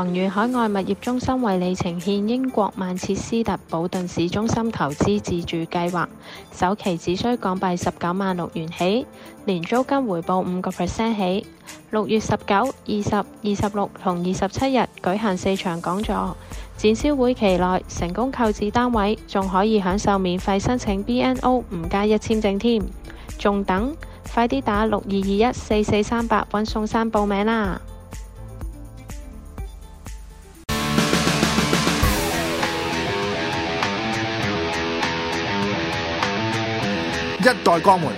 宏遠海外物業中心為你呈獻英國曼徹斯特保頓市中心投資自住計劃，首期只需港幣十九萬六元起，年租金回報五個 percent 起。六月十九、二十、二十六同二十七日舉行四場講座，展銷會期內成功購置單位，仲可以享受免費申請 BNO 五加一簽證添。仲等？快啲打六二二一四四三八搵宋生報名啦！一代鋼門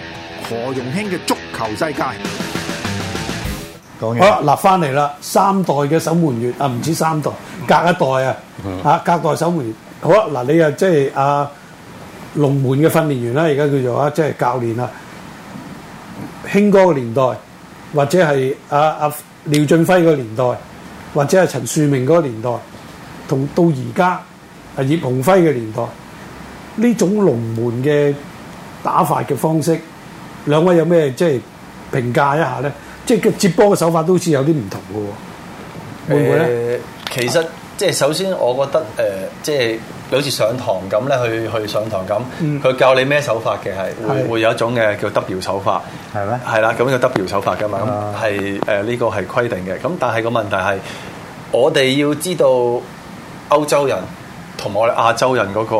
何容興嘅足球世界，講完好啦，嗱，翻嚟啦，三代嘅守門員啊，唔止三代，隔一代啊，啊，隔代守門員，好啦，嗱、啊，你、就是、啊，即係啊，龍門嘅訓練員啦，而家叫做啊，即、就、係、是、教練啦，興哥個年代，或者係啊，阿、啊、廖俊輝個年代，或者係陳樹明個年代，同到而家啊葉鴻輝嘅年代，呢種龍門嘅。打法嘅方式，兩位有咩即係評價一下咧？即係嘅接波嘅手法都好似有啲唔同嘅喎，呃、會唔會咧？其實即係首先，我覺得誒即係好似上堂咁咧，去去上堂咁，佢、嗯、教你咩手法嘅係，會會是有一種嘅叫 W 手法，係咩嗎？係啦，咁叫 W 手法嘅嘛，咁係誒呢個係規定嘅。咁但係個問題係我哋要知道歐洲人。同我哋亞洲人嗰個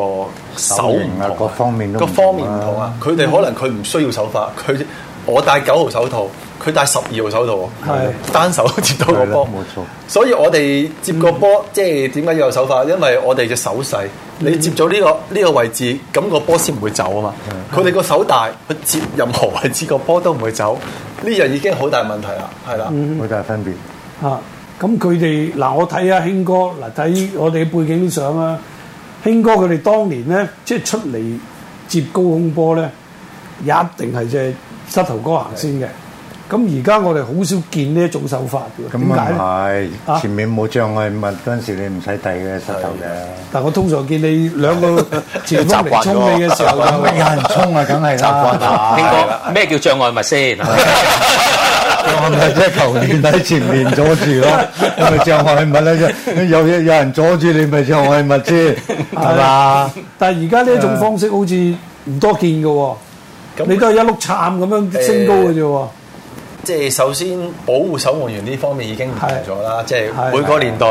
手型，各方面各方面唔同啊！佢哋可能佢唔需要手法，佢、嗯、我戴九號手套，佢戴十二號手套喎，係的單手接到個波，冇錯。所以我哋接個波，嗯、即係點解要有手法？因為我哋隻手細，嗯、你接咗呢、個呢、個位置，咁、個波先唔會走啊嘛。佢哋個手大，佢接任何位置、個波都唔會走。呢樣已經好大問題啦，係啦，好、嗯、大分別嚇。啊。咁佢哋嗱，我睇下興哥嗱，睇我哋嘅背景相啦。興哥佢哋當年咧，即係出嚟接高空波咧，一定係隻膝頭哥行先嘅。咁而家我哋好少見呢一種手法嘅，點解咧？前面冇障礙物嗰陣時，你唔使遞嘅膝頭嘅。但係我通常見你兩個前鋒嚟衝你嘅時候，咁有人衝啊，梗係啦。興哥，咩叫障礙物先？咪即係球員喺前面阻住咯，咪障礙物啦，有有有人阻住你咪障礙物啫，係嘛？ 但係而家呢一種方式好似唔多見咁、嗯、你都係一碌杉咁樣升高嘅啫。即係、欸就是、首先保護守門員呢方面已經提咗啦，即係是每個年代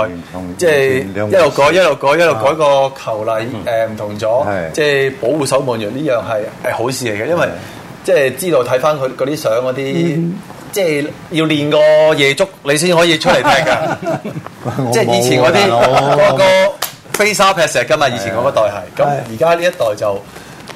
即係一路改、嗯、一路改一路改個球例，誒唔同咗。即係保護守門員呢樣係係好事嚟嘅，是因為即係知道睇翻佢嗰啲相嗰啲。即係要練個夜足，你先可以出嚟睇㗎。 即係以前嗰啲個飛沙劈石㗎嘛，以前嗰一代係。咁而家呢一代就誒、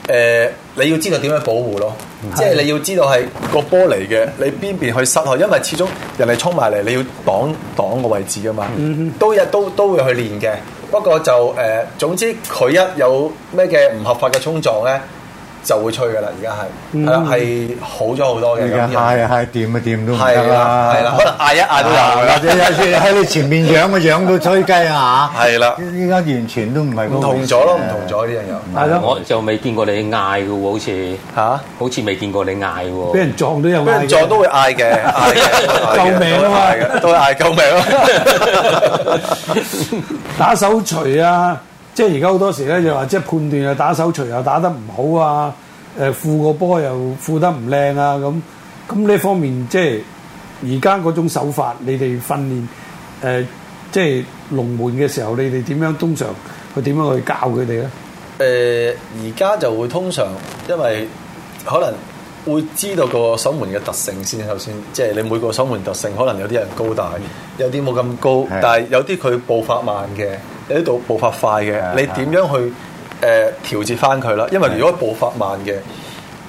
呃，你要知道點樣保護咯。的即係你要知道係個玻璃嘅，你邊邊去塞開，因為始終人哋衝埋嚟，你要擋擋個位置㗎嘛。嗯、哼都一都都會去練嘅，不過就誒、呃，總之佢一有咩嘅唔合法嘅衝撞咧。就會吹嘅啦，而家係係好咗好多嘅。而家嗌啊嗌，掂啊掂都唔得啦。係啦，可能嗌一嗌都難。或者喺你前面養啊養到吹雞啊嚇。係啦，依家完全都唔係唔同咗咯，唔同咗啲人又。係咯，我就未見過你嗌嘅喎，好似嚇，好似未見過你嗌喎。俾人撞都有，俾人撞都會嗌嘅。救命啊嘛，都嗌救命。打手錘啊！即係而家好多時咧，就話即係判斷又打手錘又打得唔好啊！誒，撲個波又撲得唔靚啊！咁咁呢方面，即係而家嗰種手法，你哋訓練誒，即係龍門嘅時候，你哋點樣通常去點樣去教佢哋咧？誒、呃，而家就會通常因為可能會知道個守門嘅特性先，首先即係、就是、你每個守門特性，可能有啲人高大，有啲冇咁高，的但係有啲佢步伐慢嘅。你呢度步伐快嘅，你點樣去誒、呃、調節翻佢啦？因為如果步伐慢嘅，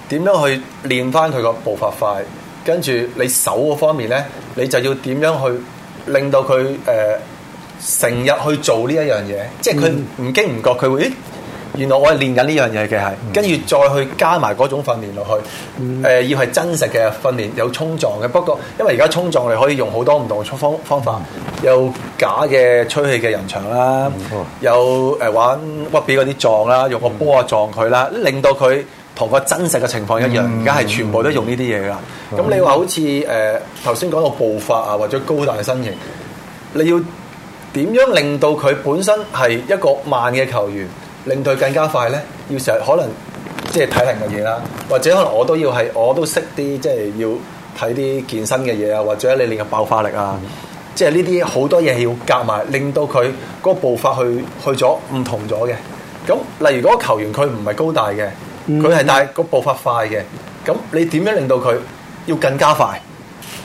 點樣去練翻佢個步伐快？跟住你手嗰方面咧，你就要點樣去令到佢誒、呃、成日去做呢一樣嘢？即係佢唔經唔覺佢會，欸原來我係練緊呢樣嘢嘅，係跟住再去加埋嗰種訓練落去，誒、嗯呃、要係真實嘅訓練，有衝撞嘅。不過因為而家衝撞，你可以用好多唔同嘅方方法，有假嘅吹氣嘅人牆啦，有誒、嗯呃、玩屈比嗰啲撞啦，用個波啊撞佢啦，令到佢同個真實嘅情況一樣。而家係全部都用呢啲嘢噶。咁、嗯、你話好似誒頭先講到步伐啊，或者高大嘅身形，你要點樣令到佢本身係一個慢嘅球員？令佢更加快咧，要成日可能即係體能嘅嘢啦，或者可能我都要係我都識啲即係要睇啲健身嘅嘢啊，或者你練嘅爆發力啊，嗯、即係呢啲好多嘢要夾埋，令到佢個步伐去去咗唔同咗嘅。咁例如嗰個球員佢唔係高大嘅，佢係但個步伐快嘅，咁、嗯、你點樣令到佢要更加快？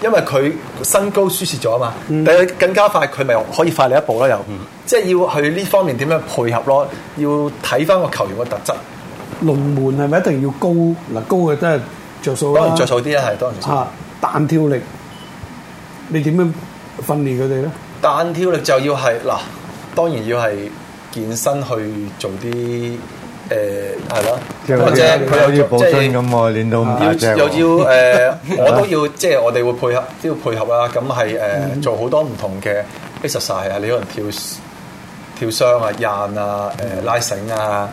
因為佢身高輸蝕咗啊嘛，嗯、但係更加快佢咪可以快你一步咯，又、嗯，即係要去呢方面點樣配合咯，要睇翻個球員嘅特質。龍門係咪一定要高？嗱，高嘅真係着數。當然着數啲啦，係當然。嚇，彈跳力，你點樣訓練佢哋咧？彈跳力就要係嗱，當然要係健身去做啲。誒係咯，或者佢又要補充咁喎，練到唔夠。又要誒，我都要即係、就是、我哋會配合，都要配合、就是呃、 啊。咁係誒，做好多唔同嘅 exercise 啊，你可能跳跳箱啊、引啊、誒拉繩啊，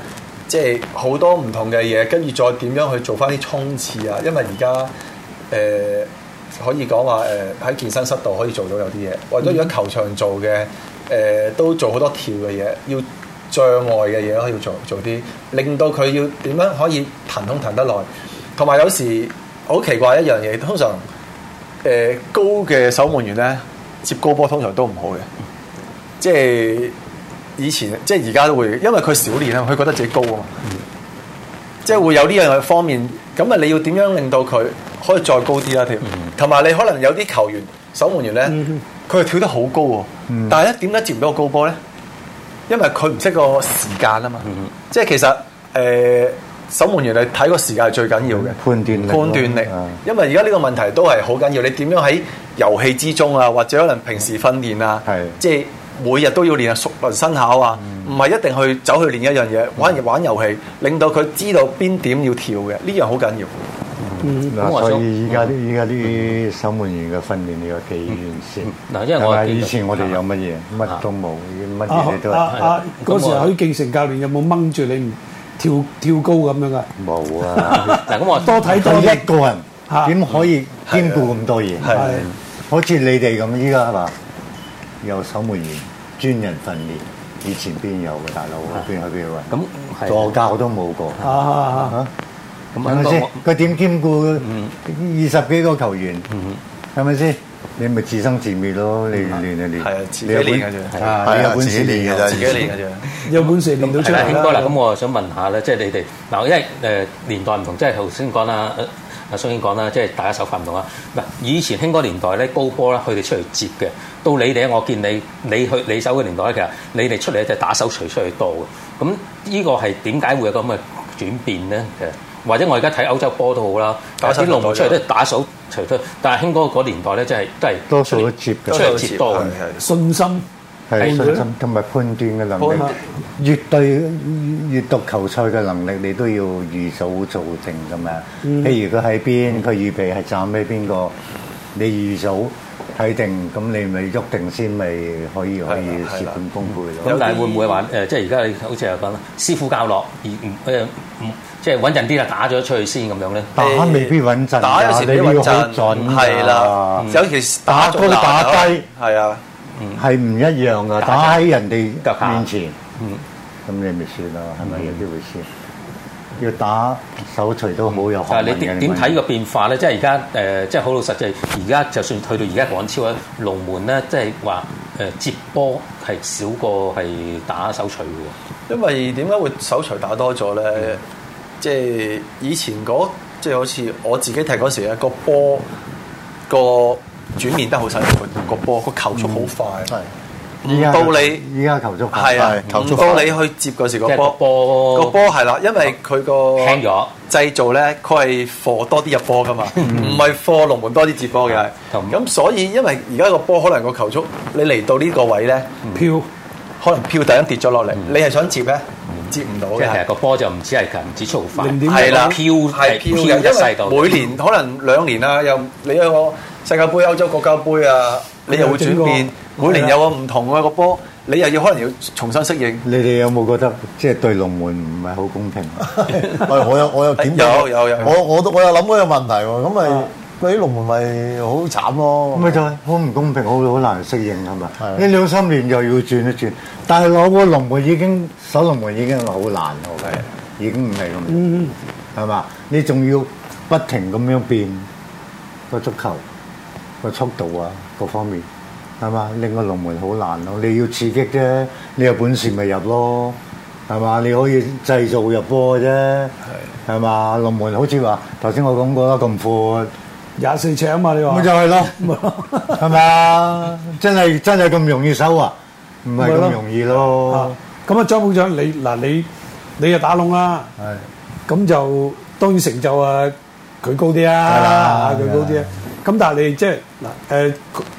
即係好多唔同嘅嘢，跟住再點樣去做翻啲衝刺啊？因為而家誒可以講話誒喺健身室度可以做到有啲嘢，或者如果球場做嘅誒、呃、都做好多跳嘅嘢要。障礙嘅嘢可以做做啲，令到佢要點樣可以騰空騰得耐。同埋有，有時好奇怪一樣嘢，通常誒、呃、高嘅守門員咧接高波通常都唔好嘅，即係以前即係而家都會，因為佢少年啊，佢覺得自己高啊嘛，嗯、即係會有呢樣嘅方面。咁啊，你要點樣令到佢可以再高啲啦？添、嗯，同埋你可能有啲球員守門員咧，佢係、嗯嗯、跳得好高喎，嗯、但係咧點解接唔到個高波咧？因為佢唔識個時間啊嘛，嗯、即係其實誒、呃、守門員你睇個時間係最緊要嘅判斷判斷力，斷力啊、因為而家呢個問題都係好緊要，你點樣喺遊戲之中啊，或者可能平時訓練啊，的即係每日都要練熟練生巧啊，唔係、嗯、一定去走去練一樣嘢玩、嗯、玩遊戲，令到佢知道邊點要跳嘅呢樣好緊要。嗱，所以依家啲依家啲守門員嘅訓練要有幾完善？嗱，因為我以前我哋有乜嘢，乜都冇，乜嘢都冇。啊嗰時許敬成教練有冇掹住你跳跳高咁樣噶？冇啊！咁我多睇多，一個人點可以兼顧咁多嘢？係，好似你哋咁依家係嘛？有守門員專人訓練，以前邊有嘅大佬？邊去邊位？咁助教都冇過。係咪先？佢點兼顧二十幾個球員？係咪先？你咪自生自滅咯！你練啊練，係啊，自己練嘅啫，有本事練到出嚟，興哥啦！咁我啊想問下咧，即係你哋嗱，因為誒年代唔同，即係頭先講啦，阿宋兄講啦，即係大家手法唔同啦。嗱，以前興哥年代咧，高波啦，佢哋出去接嘅，到你哋，我見你你去你手嘅年代，其實你哋出嚟咧就打手捶出去多嘅。咁呢個係點解會有咁嘅轉變咧？或者我而家睇歐洲波都好啦，打啲龍出嚟都係打手除出。但係興哥嗰年代咧，即係都係多數都接嘅，出一節多嘅信心係信心同埋判斷嘅能力。越對閲讀球賽嘅能力，你都要預早做定㗎嘛。譬、嗯、如佢喺邊，佢、嗯、預備係站俾邊個，你預早。睇定咁你咪喐定先，咪可以可以事半功倍咯。咁但係會唔會話誒，即係而家好似係講師傅教落而唔誒，即係穩陣啲啊，打咗出去先咁樣咧？打未必穩陣，打有時唔穩陣。係啦，有時打高打低，係啊，係唔一樣噶。打喺人哋面前，嗯，咁你咪算咯，係咪有啲回先。要打手錘都好有、嗯，但係你點點睇個變化咧、呃？即係而家誒，即係好老實，即係而家就算去到而家廣超咧，龍門咧，即係話誒接波係少過係打手錘嘅喎。因為點解會手錘打多咗咧、嗯？即係以前嗰即係好似我自己踢嗰時咧，個波個轉變得好犀利，個波個球速好快，真係、嗯到你，而家球速快，係啊，球速快。到你去接嗰時個波，個波係啦，因為佢個製造咧，佢係放多啲入波噶嘛，唔係放龍門多啲接波嘅。咁所以因為而家個波可能個球速，你嚟到呢個位咧，飄，可能飄突然跌咗落嚟，你係想接咧？接唔到嘅。即係個波就唔止係唔止速快，係啦，飄係飄入一世到。每年可能兩年啊，又你喺個世界盃、歐洲國家盃啊。你又會轉變，每、啊、年有個唔同嘅個波，你又要可能要重新適應。你哋有冇覺得即係對龍門唔係好公平？ 我有我有點有有有。我有 有有我都我有諗過個問題喎，咁咪對於龍門咪好慘咯？咪、啊、就係好唔公平，好好難適應係咪？呢的兩三年又要轉一轉，但係攞個龍門已經守龍門已經難好難嘅，的已經唔係咁。嗯，係嘛？你仲要不停咁樣變個足球。個速度啊，各方面係嘛？拎個龍門好難咯，你要刺激啫，你有本事咪入咯，係嘛？你可以製造入波嘅啫，係嘛？龍門好似話頭先我講過啦，咁闊，廿四尺啊嘛，你話？咪就係咯，係咪啊？真係真係咁容易收啊？唔係咁容易咯。咁啊，張寶長你嗱你你就打龍啦，咁就當然成就啊佢高啲啊，係啦，佢高啲。咁但係你即係嗱誒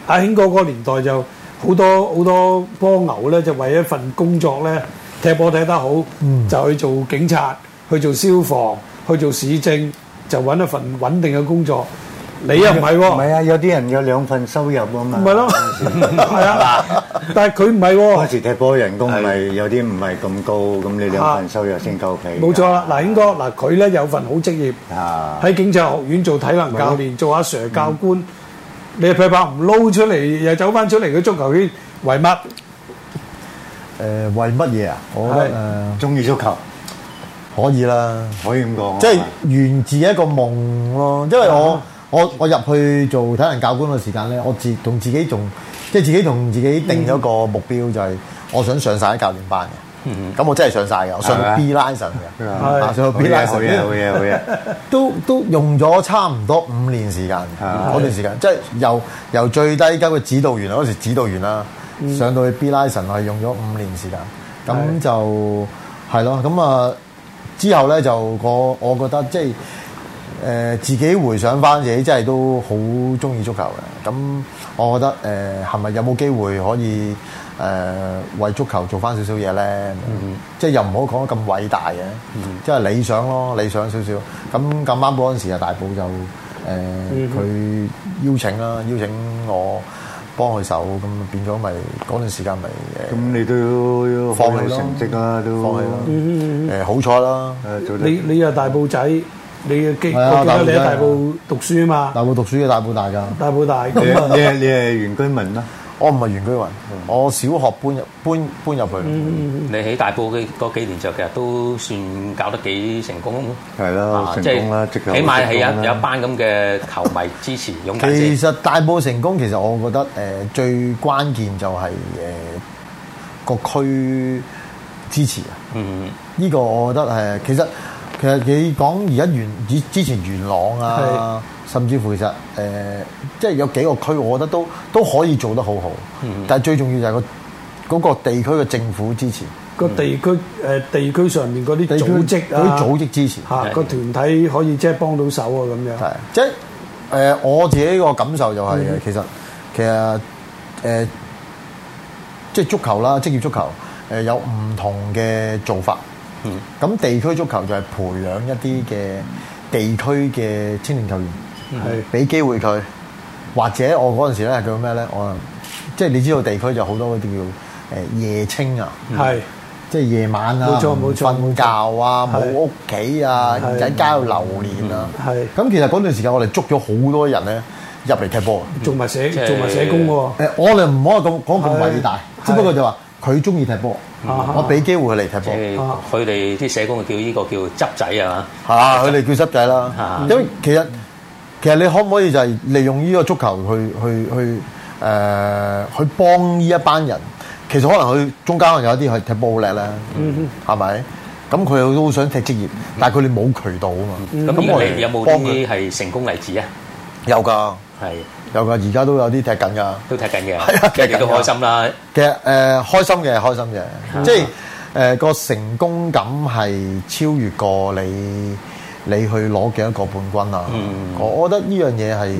阿興哥個年代就好多好多波牛咧，就為一份工作咧，踢波踢得好，嗯、就去做警察、去做消防、去做市政，就揾一份穩定嘅工作。你又唔係喎？唔係啊！有啲人有兩份收入啊嘛。唔係咯，係啊。但係佢唔係喎。嗰時踢波人工係咪有啲唔係咁高，咁你兩份收入先夠皮。冇錯啦！嗱，英哥，嗱佢咧有份好職業，喺警察學院做體能教練，做阿 Sir 教官。你譬如話唔撈出嚟，又走翻出嚟嗰足球圈，為乜？誒，為乜嘢啊？我覺得誒，中意足球可以啦，可以咁講。即係源自一個夢咯，因為我。我我入去做體能教官嘅時間咧，我自同自己仲即係自己同自己定咗個目標，就係我想上晒啲教練班嘅。咁我真係上晒嘅，我上到 B License 嘅，啊，上 B License，好嘢，好嘢，好嘢，都都用咗差唔多五年時間。嗰段時間，即係由由最低級嘅指導員，嗰時指導員啦，上到去 B License，我係用咗五年時間。咁就係咯，咁啊之後咧就我我覺得即係。誒自己回想翻自己，真係都好中意足球嘅。咁我覺得誒係咪有冇機會可以誒為足球做翻少少嘢咧？即係又唔好講得咁偉大嘅，即係理想咯，理想少少。咁咁啱嗰陣時啊，大埔就誒佢邀請啦，邀請我幫佢手，咁變咗咪嗰段時間咪。咁你都要放棄成績啦，都放棄啦。誒好彩啦，你你又大埔仔。你嘅基，你喺大埔讀書啊嘛，大埔讀書嘅大埔大噶，大埔大。咁你係你係原居民啦，我唔係原居民，我小學搬入搬搬入去。你喺大埔嘅嗰幾年就其實都算搞得幾成功，係啦，成功啦，起碼係有一一班咁嘅球迷支持，其實大埔成功，其實我覺得誒最關鍵就係誒個區支持啊，嗯，呢個我覺得係其實。其實你講而家元以之前元朗啊，是甚至乎其實誒，即、呃、係、就是、有幾個區，我覺得都都可以做得好好。嗯、但係最重要就係個嗰個地區嘅政府支持，個、嗯、地區誒、呃、地區上面嗰啲組織啊，啲組織支持吓個團體可以即係幫到手啊咁樣。即係誒，我自己個感受就係、是、嘅。嗯、哼其實其實誒，即、呃、係、就是、足球啦，職業足球誒有唔同嘅做法。咁地區足球就係培養一啲嘅地區嘅青年球員，去俾機會佢。或者我嗰陣時咧叫咩咧？我即係你知道地區就好多嗰啲叫誒夜青啊，係即係夜晚啊，冇錯冇錯，瞓覺啊，冇屋企啊，喺街度流連啊。係咁，其實嗰段時間我哋捉咗好多人咧入嚟踢波，做埋社做埋社工喎。誒，我哋唔可以咁講咁偉大，只不過就話。佢中意踢波，我俾機會佢嚟踢波。佢哋啲社工叫呢個叫執仔啊嘛，嚇！佢哋叫執仔啦。因為其實其實你可唔可以就係利用呢個足球去去去誒去幫呢一班人？其實可能佢中間可能有一啲係踢波好叻啦，係咪？咁佢又都好想踢職業，但係佢哋冇渠道啊嘛。咁我哋有冇啲係成功例子啊？有㗎。係是有噶，而家都有啲踢緊噶，都踢緊嘅。其實都開心啦。其實誒，開心嘅係開心嘅，即係誒個成功感係超越過你你去攞幾多個冠軍啊！嗯、我覺得呢樣嘢係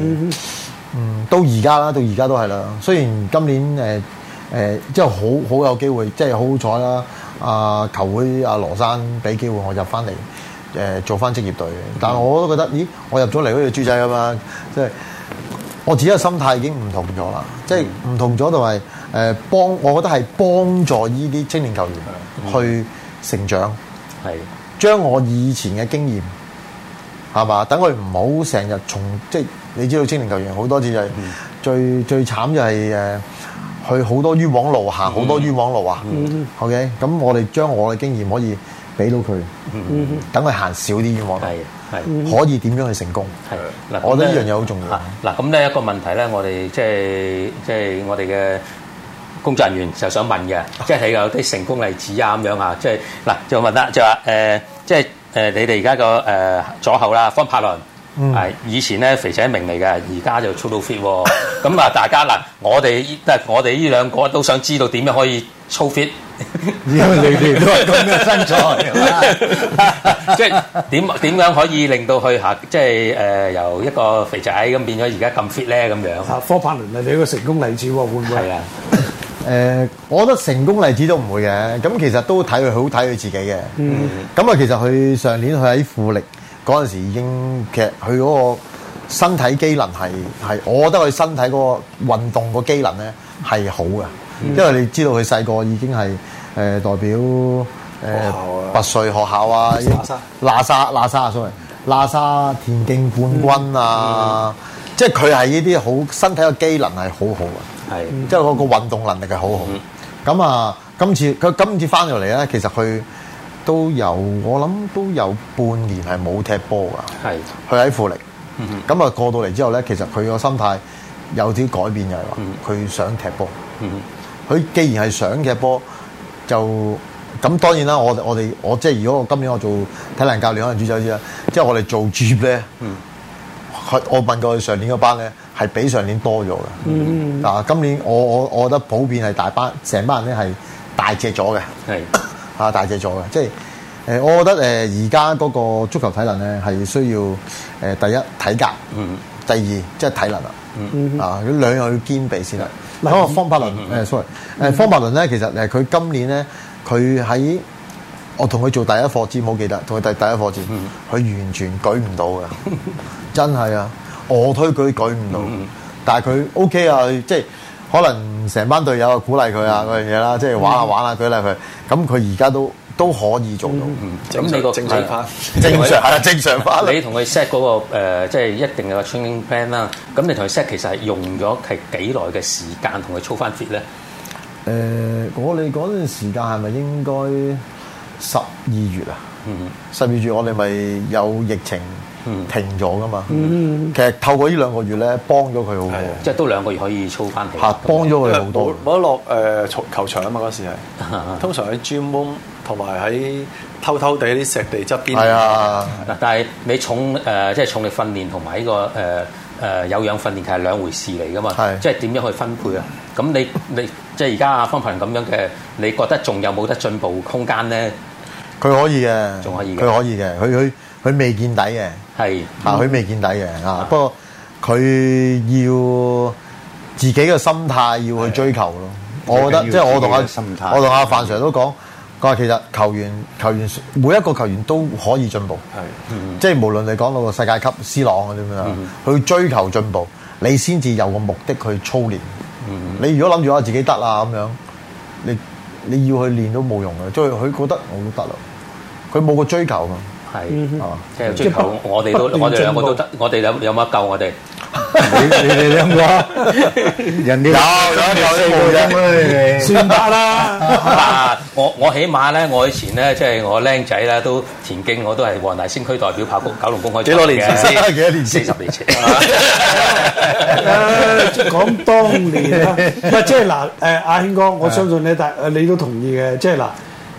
嗯，到而家啦，到而家都係啦。雖然今年誒誒、呃、即係好好有機會，即係好彩啦！阿、啊、球會阿羅生俾機會我入翻嚟誒做翻職業隊，但係我都覺得咦，我入咗嚟隻豬仔啊嘛，即係。即即即我自己嘅心態已經唔同咗啦，嗯、即係唔同咗就係、是、誒、呃、幫，我覺得係幫助呢啲青年球員去成長，嗯、將我以前嘅經驗係嘛，等佢唔好成日從即係，你知道青年球員好多次就係嗯、最最慘就係、是、誒，去、呃、好多冤枉路，行好多冤枉路啊。嗯嗯、OK，咁我哋將我嘅經驗可以俾到佢，等佢行少啲冤枉路。嗯係是可以點樣去成功？係，嗱，我覺得呢樣嘢好重要。嗱、啊，咁呢一個問題咧，我哋即係即係我哋嘅工作人員就想問嘅，即、就、係、是、有啲成功例子啊咁樣、就是、啊，即係嗱就問啦，就話誒，即係誒你哋而家個誒左後啦，方柏倫係、嗯、以前咧肥仔明嚟嘅，而家就操到 fit 喎。咁 啊，大家嗱，我哋都係我哋呢兩個都想知道點樣可以。粗 fit，因為你哋都係咁嘅身材，即係點，點樣可以令到佢吓即係誒由一個肥仔咁變咗而家咁 fit 咧咁樣？科帕倫啊，你有個成功例子喎，會唔會？係啊，誒，我覺得成功例子都唔會嘅。咁其實都睇佢好睇佢自己嘅。咁啊，其實佢上年佢喺富力嗰陣時已經，其實佢嗰個身體機能係係，我覺得佢身體嗰個運動個機能咧係好嘅。嗯、因為你知道佢細個已經係誒代表誒拔萃學校啊，喇沙喇沙 sorry，喇沙田徑冠軍啊，嗯、即係佢係呢啲好身體嘅機能係好好啊，嗯、即係嗰個運動能力係好好。咁啊、嗯，今次佢今次返到嚟咧，其實佢都有我諗都有半年係冇踢波噶，係佢喺富力，咁啊、嗯、過到嚟之後咧，其實佢個心態有啲改變，就係話佢想踢波。嗯佢既然係想踢波，就咁當然啦。我我哋我即係如果我今年我做體能教練可能注咗意啦。即係我哋做 gym 咧，我問過上年嗰班咧，係比上年多咗嘅。嗱，嗯、今年我我我覺得普遍係大班，成班人咧係大隻咗嘅。係啊，大隻咗嘅。即係誒，我覺得誒而家嗰個足球體能咧係需要誒第一體格，嗯、第二即係、就是、體能啊。啊，兩樣要兼備先得。嗱，嗯、方柏倫，誒，sorry，誒，方柏倫咧，其實誒，佢今年咧，佢喺我同佢做第一課節，冇記得，同佢第第一課節，佢、嗯、完全舉唔到嘅，嗯、真係啊，我推佢舉唔到，嗯、但係佢 OK 啊，即係可能成班隊友鼓勵佢啊嗰樣嘢啦，即係玩下、啊、玩下舉下佢，咁佢而家都。都可以做到。嗯，咁你個正，正常化、嗯常，正常係啊，正常化、 那個。你同佢 set 嗰個即係一定有個 training plan 啦、啊。咁你同佢 set 其實係用咗係幾耐嘅時間同佢操翻 fit 咧？誒、呃，我哋嗰段時間係咪應該十二月啊？嗯，十二月我哋咪有疫情。停咗噶嘛？其實透過呢兩個月咧，幫咗佢好多。即係都兩個月可以操翻幾？嚇，幫咗佢好多。我落誒球場啊嘛，嗰時係通常喺 gym room 同埋喺偷偷地啲石地側邊。係啊，但係你重誒即係重力訓練同埋呢個誒誒有氧訓練其實係兩回事嚟噶嘛？係即係點樣去分配啊？咁你你即係而家阿方平咁樣嘅，你覺得仲有冇得進步空間咧？佢可以嘅，仲可以，佢可以嘅，佢佢。佢未見底嘅，係啊，佢未見底嘅啊。不過佢要自己嘅心態要去追求咯。我覺得，即係我同阿我同阿范 Sir 都講，佢話其實球員球員每一個球員都可以進步，即係無論你講到個世界級 C 朗嗰啲咁樣，去追求進步，你先至有個目的去操練。你如果諗住我自己得啦咁樣，你你要去練都冇用嘅，即係佢覺得我都得啦，佢冇個追求噶。係哦，即係最後，我哋都我哋兩個都得，我哋有有乜救我哋？你你哋兩個，人哋有有有呢位算罷啦。啊，我我起碼咧，我以前咧，即係我僆仔咧，都田徑，我都係黃大仙區代表跑九九龍公開，幾多年前？幾多年？四十年前。誒，講當年啦，唔係即係嗱，誒，阿興哥，我相信你，大誒，你都同意嘅，即係嗱，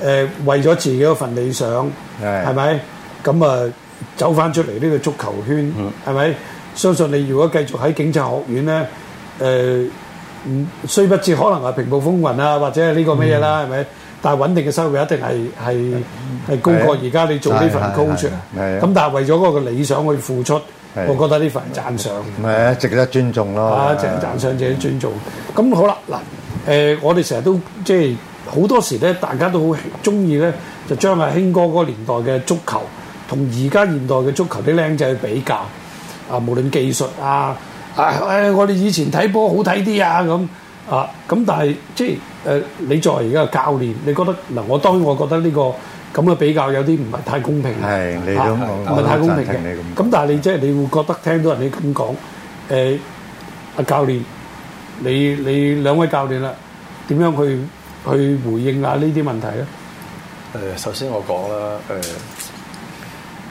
誒，為咗自己嗰份理想，係咪？咁啊，走翻出嚟呢個足球圈，係咪？嗯、相信你如果繼續喺警察學院咧，誒，嗯，雖不至可能話平步風雲啊，或者係呢個乜嘢啦，係咪、嗯？但係穩定嘅收入一定係係係高過而家你做呢份工出嚟。咁但係為咗嗰個理想去付出，係係我覺得呢份讚賞，咪值得、啊、值得尊重咯。啊，值得讚賞值得尊重。咁、嗯、好啦，嗱，誒，我哋成日都即係好多時咧，大家都好中意咧，就將阿興哥嗰年代嘅足球。同而家現代嘅足球啲僆仔去比較，啊，無論技術啊，啊，啊，我哋以前睇波好睇啲啊，咁啊，咁、啊、但係即係誒、呃，你作為而家嘅教練，你覺得嗱，我、嗯、當然我覺得呢、呢個咁嘅比較有啲唔係太公平。係，你都唔係太公平嘅。咁但係你即係對、啊、你會覺得聽到人哋咁講，誒、啊，阿教練，你你，你兩位教練啦，點樣去去回應下呢啲問題咧？誒，首先我講啦，誒、呃。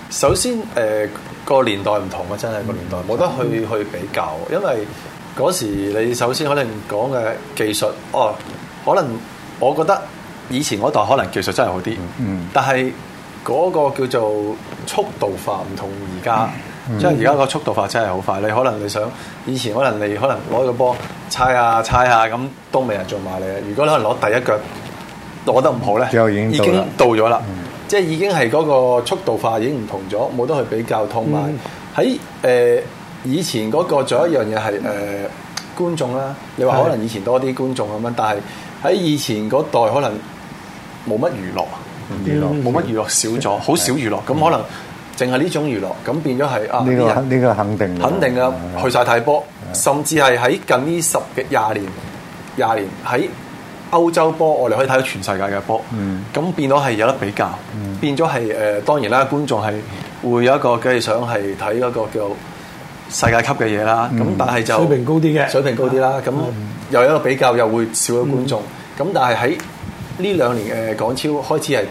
首先，誒、呃嗰個年代唔同啊！真係、嗰個年代冇得去、嗯、去比較，因為嗰時你首先可能講嘅技術，哦，可能我覺得以前嗰代可能技術真係好啲，嗯，但係嗰個叫做速度化唔同而家，即、嗯嗯、因為而家個速度化真係好快，你可能你想以前可能你可能攞個波踩下踩下咁都未人做埋你，如果你可能攞第一腳攞得唔好咧，已經已經到咗啦。即係已經係嗰個速度化已經唔同咗，冇得去比較。同埋喺誒以前嗰個，仲有一樣嘢係誒觀眾啦。你話可能以前多啲觀眾咁樣，但係喺以前嗰代可能冇乜娛樂，冇乜娛樂少咗，好少娛樂。咁可能淨係呢種娛樂，咁變咗係啊呢個呢個肯定肯定嘅，去晒睇波，甚至係喺近呢十幾廿年廿年喺。歐洲波我哋可以睇到全世界嘅波，咁、嗯、變咗係有得比較，嗯、變咗係誒當然啦，觀眾係會有一個梗係想係睇一個叫世界級嘅嘢啦。咁、嗯、但係就水平高啲嘅水平高啲啦，咁又有一個比較又會少咗觀眾。咁、嗯、但係喺呢兩年嘅、呃、港超開始係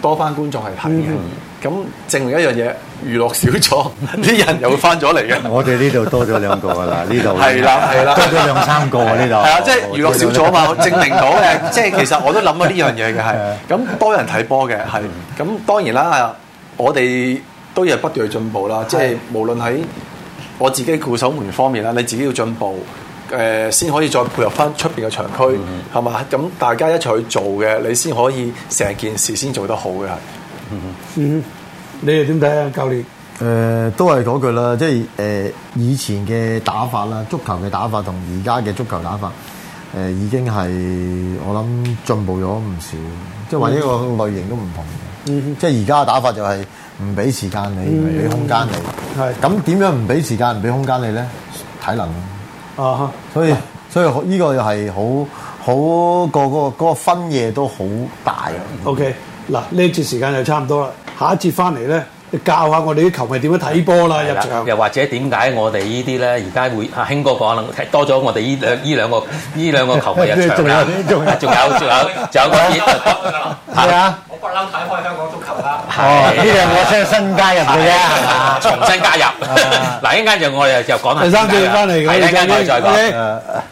多翻觀眾係睇嘅。嗯嗯。咁證明一樣嘢，娛樂少咗，啲人又翻咗嚟嘅。 我哋呢度多咗兩個噶啦，呢度係啦係啦，多咗兩三個啊呢度係啊，即係娛樂少咗嘛， 證明到嘅。 即係其實我都諗啊呢樣嘢嘅係。咁的多人睇波嘅係，咁、嗯、當然啦，我哋都要不斷進步啦。即、就、係、是、無論喺我自己固守門方面啦，你自己要進步，誒、呃、先可以再配合翻出邊嘅場區係嘛。咁、嗯、大家一齊去做嘅，你先可以成件事先做得好嘅係。嗯，mm hmm. 你又點睇啊，教練？誒、呃，都係嗰句啦，即係誒、呃、以前嘅打法啦，足球嘅打法同而家嘅足球打法誒、呃，已經係我諗進步咗唔少，即係話呢個類型都唔同、mm hmm. 即係而家嘅打法就係唔俾時間你，唔俾空間你。係、mm，咁、hmm. 點樣唔俾時間唔俾空間你咧？體能啊，所以所以呢個又係好好個個個分野都好大。O K。嗱，呢節時間就差唔多啦，下一節翻嚟咧，教下我哋啲球迷點樣睇波啦入場，又或者點解我哋呢啲咧而家會興哥講啦，多咗我哋呢兩呢兩個呢兩個球迷入場啦，仲有仲有仲有個咩啊？我不嬲睇開香港足球啦，呢樣我先係新加入嘅啫，重新加入，嗱一陣間就我哋又講第三段翻嚟，呢間我再講。